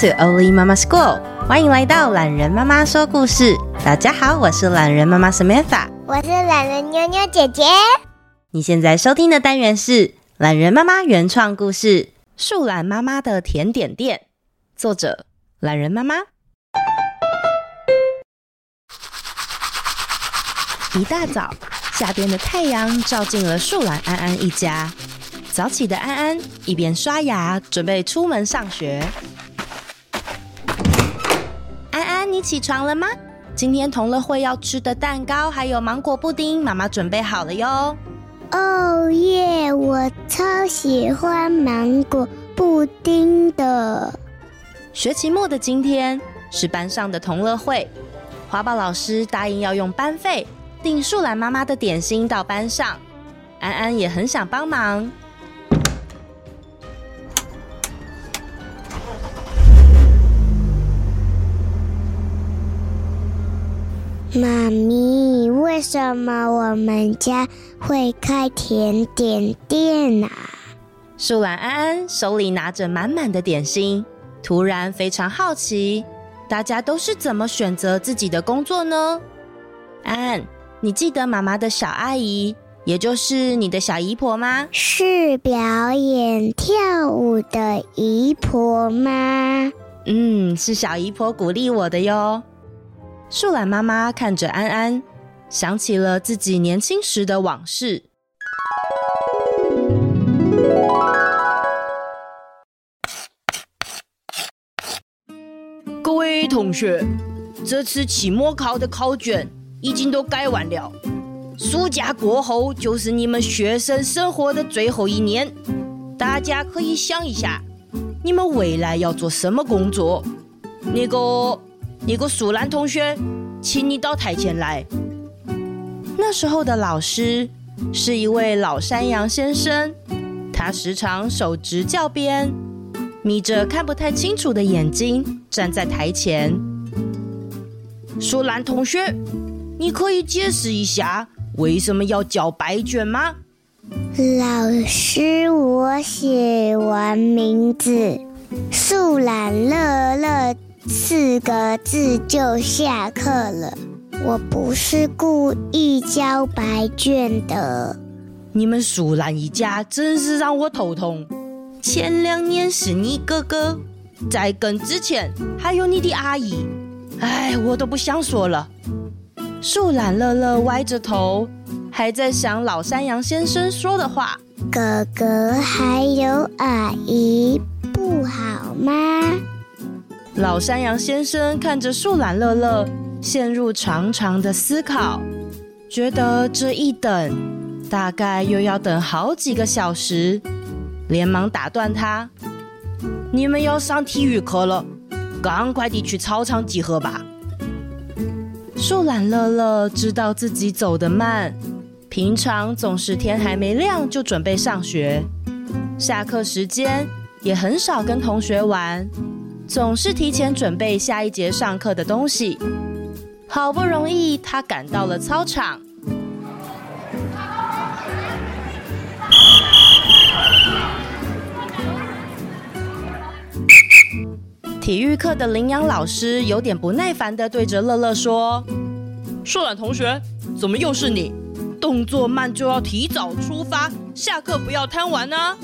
To Oli Mama School，歡迎來到懶人媽媽說故事。大家好，我是懶人媽媽 Samantha，我是懶人妞妞姐姐。你現在收聽的單元是懶人媽媽原創故事《樹懶媽媽的甜點店》，作者懶人媽媽。一大早，下邊的太陽照進了樹懶安安一家。早起的安安一邊刷牙，準備出門上學。起床了嗎？今天同樂會要吃的蛋糕還有芒果布丁，媽媽準備好了喲。哦耶！我超喜歡芒果布丁的。學期末的今天是班上的同樂會，華寶老師答應要用班費訂樹懶媽媽的點心到班上。安安也很想幫忙。媽咪，為什麼我們家會開甜點店啊？樹懶安安手裡拿着滿滿的點心，突然非常好奇，大家都是怎麼選擇自己的工作呢？安，你記得媽媽的小阿姨，也就是你的小姨婆嗎？是表演跳舞的姨婆嗎？嗯，是小姨婆鼓勵我的喲。樹懶媽媽看着安安，想起了自己年輕時的往事。各位同學，這次期末考的考卷已經都改完了。暑假過後就是你們學生生活的最後一年，大家可以想一下，你們未來要做什麼工作？那個。一個樹懶同學，請你到台前來。那時候的老師是一位老山羊先生，他時常手執教鞭，眯着看不太清楚的眼睛站在台前，樹懶同學，你可以解釋一下為什麼要交白卷嗎？老師，我寫完名字，樹懶樂樂。四個字就下課了，我不是故意交白卷的。你們樹懶一家真是讓我頭痛。前兩年是你哥哥，在更之前還有你的阿姨。哎，我都不想說了。樹懶樂樂歪着頭，還在想老山羊先生說的話。哥哥還有阿姨不好嗎？老山羊先生看着樹懶樂樂，陷入長長的思考，覺得這一等，大概又要等好幾個小時，連忙打斷他：“你們要上體育課了，趕快地去操場集合吧。”樹懶樂樂知道自己走得慢，平常總是天還沒亮就準備上學，下課時間也很少跟同學玩。總是提前準備下一節上課的東西。好不容易，他趕到了操場。體育課的羚羊老師有點不耐煩的對着樂樂說：“樹懶同學，怎麼又是你？動作慢就要提早出發，下課不要貪玩啊！”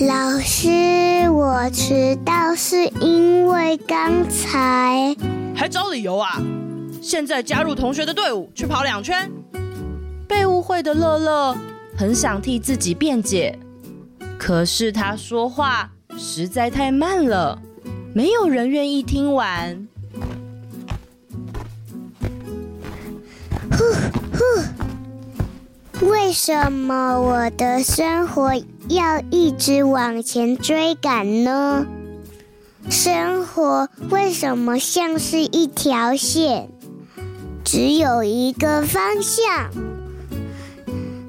老師，我遲到是因為剛才還找理由啊！現在加入同學的隊伍去跑兩圈。被誤會的樂樂很想替自己辯解，可是他說話實在太慢了，沒有人願意聽完。呼呼，為什麼我的生活？要一直往前追趕呢？生活為什麼像是一條線，只有一個方向，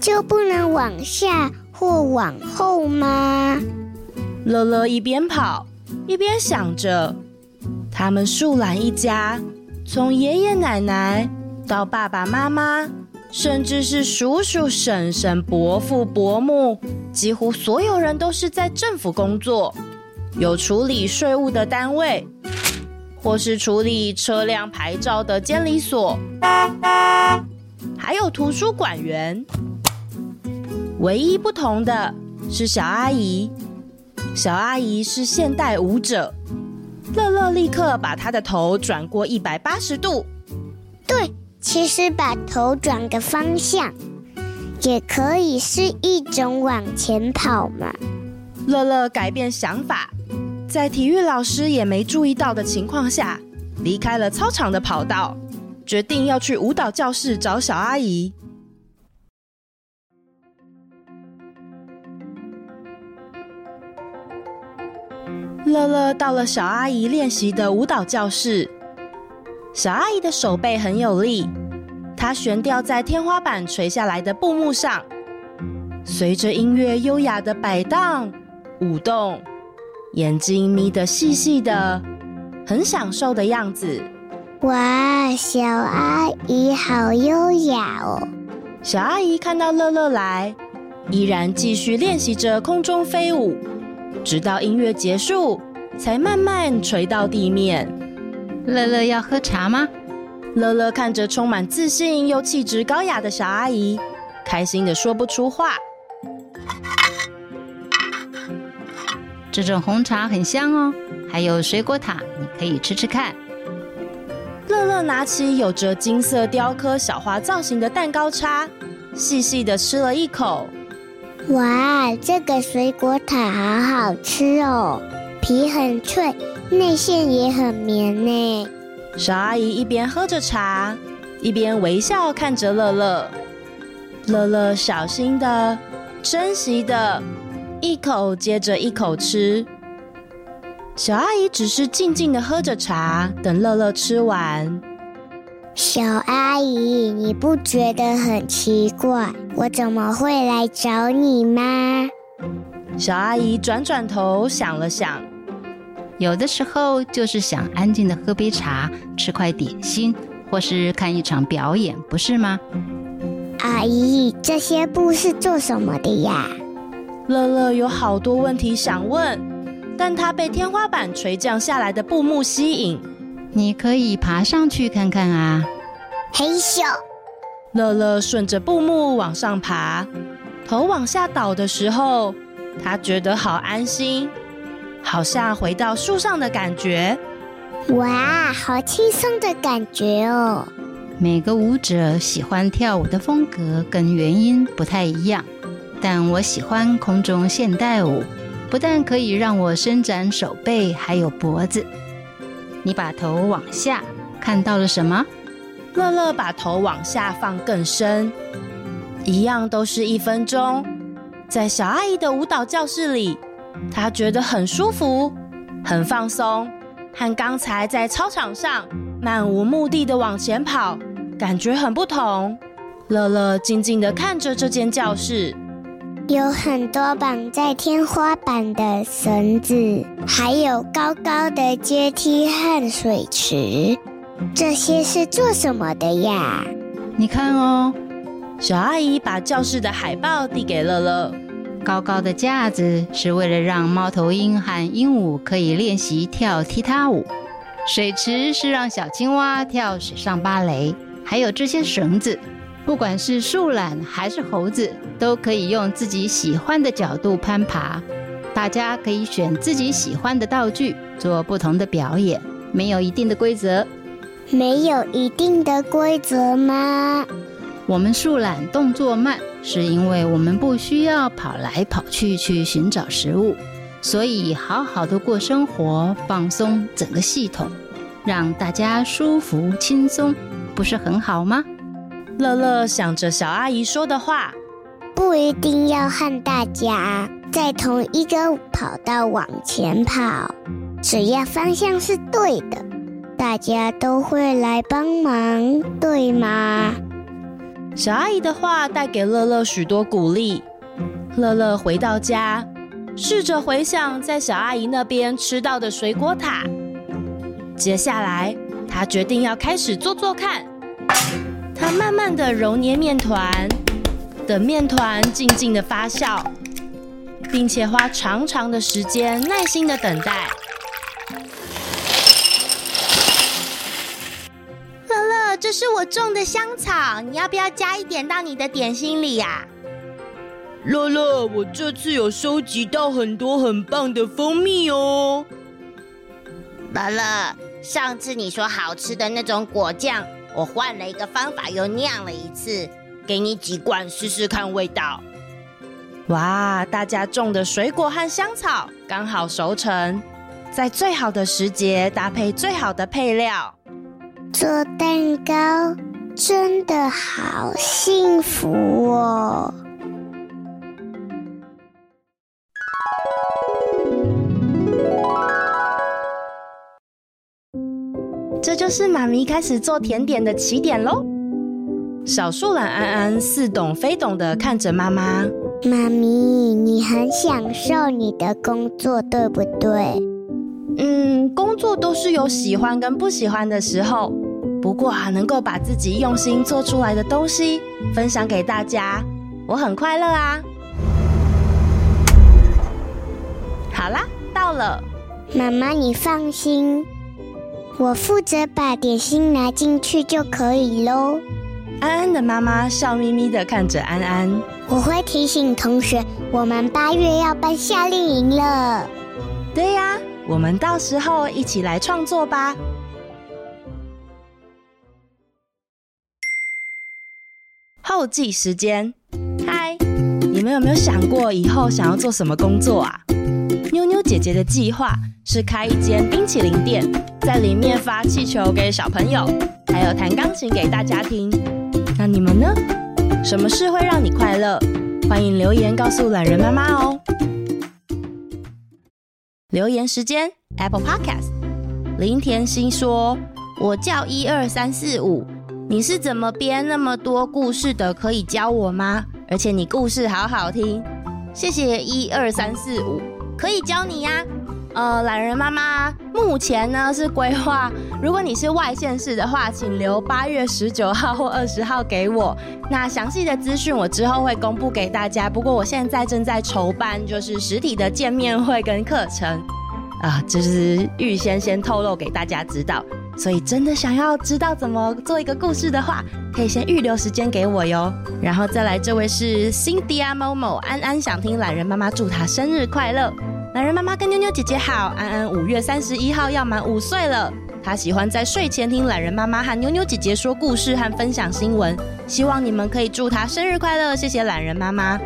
就不能往下或往後嗎？樂樂一邊跑一邊想着，他們樹懶一家，從爺爺奶奶到爸爸媽媽。甚至是叔叔、嬸嬸、伯父、伯母，幾乎所有人都是在政府工作，有處理稅務的單位，或是處理車輛牌照的監理所，還有圖書館員。唯一不同的是小阿姨，小阿姨是現代舞者。樂樂立刻把她的頭轉過一百八十度。對。其實把頭轉個方向，也可以是一種往前跑嘛。樂樂改變想法，在體育老師也沒注意到的情況下，離開了操場的跑道，決定要去舞蹈教室找小阿姨。樂樂到了小阿姨練習的舞蹈教室。小阿姨的手背很有力，她懸吊在天花板垂下來的布幕上，隨着音樂優雅的擺盪、舞動，眼睛眯得細細的，很享受的樣子。哇，小阿姨好優雅哦！小阿姨看到樂樂來，依然繼續練習着空中飛舞，直到音樂結束，才慢慢垂到地面。樂樂要喝茶嗎？樂樂看着充滿自信又氣質高雅的小阿姨，開心得說不出話。這種紅茶很香哦，還有水果塔，你可以吃吃看。樂樂拿起有着金色雕刻小花造型的蛋糕叉，細細地吃了一口。哇，這個水果塔好好吃哦！皮很脆，內餡也很綿呢。小阿姨一邊喝着茶，一邊微笑看着樂樂。樂樂小心的、珍惜的一口接着一口吃。小阿姨只是靜靜的喝着茶，等樂樂吃完。小阿姨，你不覺得很奇怪，我怎麼會來找你嗎？小阿姨轉轉頭，想了想。有的時候就是想安靜的喝杯茶，吃塊點心，或是看一場表演，不是嗎？阿姨，這些布是做什麼的呀？樂樂有好多問題想問，但他被天花板垂降下來的布幕吸引。你可以爬上去看看啊。嘿咻，樂樂順着布幕往上爬，頭往下倒的時候，他覺得好安心。好像回到樹上的感覺，哇，好輕鬆的感覺哦！每個舞者喜歡跳舞的風格跟原因不太一樣，但我喜歡空中現代舞，不但可以讓我伸展手臂，還有脖子。你把頭往下看到了什麼？樂樂把頭往下放更深，一樣都是一分鐘，在小阿姨的舞蹈教室裡。他覺得很舒服，很放鬆，和剛才在操場上漫無目的地往前跑，感覺很不同。樂樂靜靜地看着這間教室，有很多綁在天花板的繩子，還有高高的階梯和水池，這些是做什麼的呀？你看哦，小阿姨把教室的海報遞給樂樂。高高的架子是為了讓貓頭鷹和鸚鵡可以練習跳踢踏舞，水池是讓小青蛙跳水上芭蕾，還有這些繩子，不管是樹懶還是猴子，都可以用自己喜歡的角度攀爬。大家可以選自己喜歡的道具做不同的表演，沒有一定的規則。沒有一定的規則嗎？我們樹懶動作慢，是因為我們不需要跑來跑去去尋找食物，所以好好的過生活，放鬆整個系統，讓大家舒服輕鬆，不是很好嗎？樂樂想着小阿姨說的話，不一定要和大家在同一個跑道往前跑，只要方向是對的，大家都會來幫忙，對嗎？小阿姨的話帶給樂樂許多鼓勵。樂樂回到家，試着回想在小阿姨那邊吃到的水果塔。接下來，他決定要開始做做看。他慢慢的揉捏麵糰，等麵糰靜靜的發酵，並且花長長的時間耐心的等待。這是我種的香草，你要不要加一點到你的點心裡呀？樂樂，我這次有收集到很多很棒的蜂蜜哦。樂樂，上次你說好吃的那種果醬，我換了一個方法又釀了一次，給你幾罐試試看味道。哇，大家種的水果和香草剛好熟成，在最好的時節搭配最好的配料。做蛋糕真的好幸福哦！這就是媽咪開始做甜點的起點嘍。小樹懶安安似懂非懂的看着媽媽：“媽咪，你很享受你的工作，對不對？”工作都是有喜歡跟不喜歡的時候，不過還能夠把自己用心做出來的東西分享給大家，我很快樂啊。好啦，到了，媽媽，你放心，我負責把點心拿進去就可以嘍。安安的媽媽笑眯眯的看着安安，我會提醒同學，我們八月要辦夏令營了。對呀。啊。我們到時候一起來創作吧。後記時間，嗨，你們有沒有想過以後想要做什麼工作啊？妞妞姐姐的計劃是開一間冰淇淋店，在裡面發氣球給小朋友，還有彈鋼琴給大家聽。那你們呢？什麼事會讓你快樂？歡迎留言告訴欖仁媽媽哦。留言時間，Apple Podcast，林甜心說：“我叫一二三四五，你是怎麼編那麼多故事的？可以教我嗎？而且你故事好好聽，謝謝一二三四五，可以教你呀、啊。”呃，欖仁媽媽目前呢是規劃，如果你是外縣市的話，請留八月十九號或二十號給我。那詳細的資訊我之後會公布給大家。不過我現在正在籌辦，就是實體的見面會跟課程，啊、呃，就是預先先透露給大家知道。所以真的想要知道怎麼做一個故事的話，可以先預留時間給我喲。然後再來，這位是 Cindy 啊，Momo 安安想聽欖仁媽媽祝她生日快樂。懶人媽媽跟妞妞姐姐好，安安五月三十一號要滿五歲了。她喜歡在睡前聽懶人媽媽和妞妞姐姐說故事和分享新聞，希望你們可以祝她生日快樂。謝謝懶人媽媽。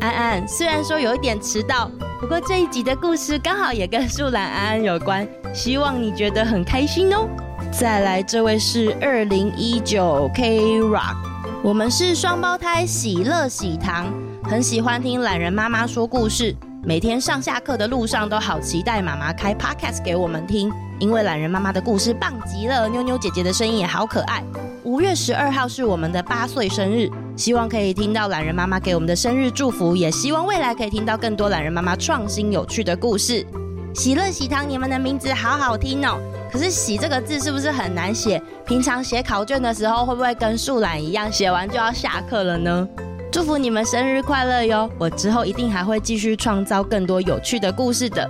安安雖然說有一點遲到，不過這一集的故事剛好也跟樹懶安安有關，希望你覺得很開心哦。再來，這位是二零一九 K Rock，我們是雙胞胎喜樂喜糖，很喜歡聽懶人媽媽說故事。每天上下課的路上都好期待媽媽開 podcast 給我們聽，因為欖仁媽媽的故事棒極了，妞妞姐姐的聲音也好可愛。五月十二號是我們的八歲生日，希望可以聽到欖仁媽媽給我們的生日祝福，也希望未來可以聽到更多欖仁媽媽創新有趣的故事。喜樂喜糖，你們的名字好好聽哦，可是喜這個字是不是很難寫？平常寫考卷的時候會不會跟樹懶一樣，寫完就要下課了呢？祝福你們生日快樂喲！我之後一定還會繼續創造更多有趣的故事的。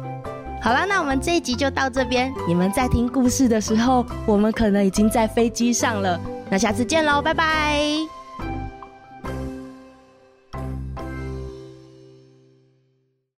好啦，那我們這一集就到這邊。你們在聽故事的時候，我們可能已經在飛機上了。那下次見嘍，拜拜。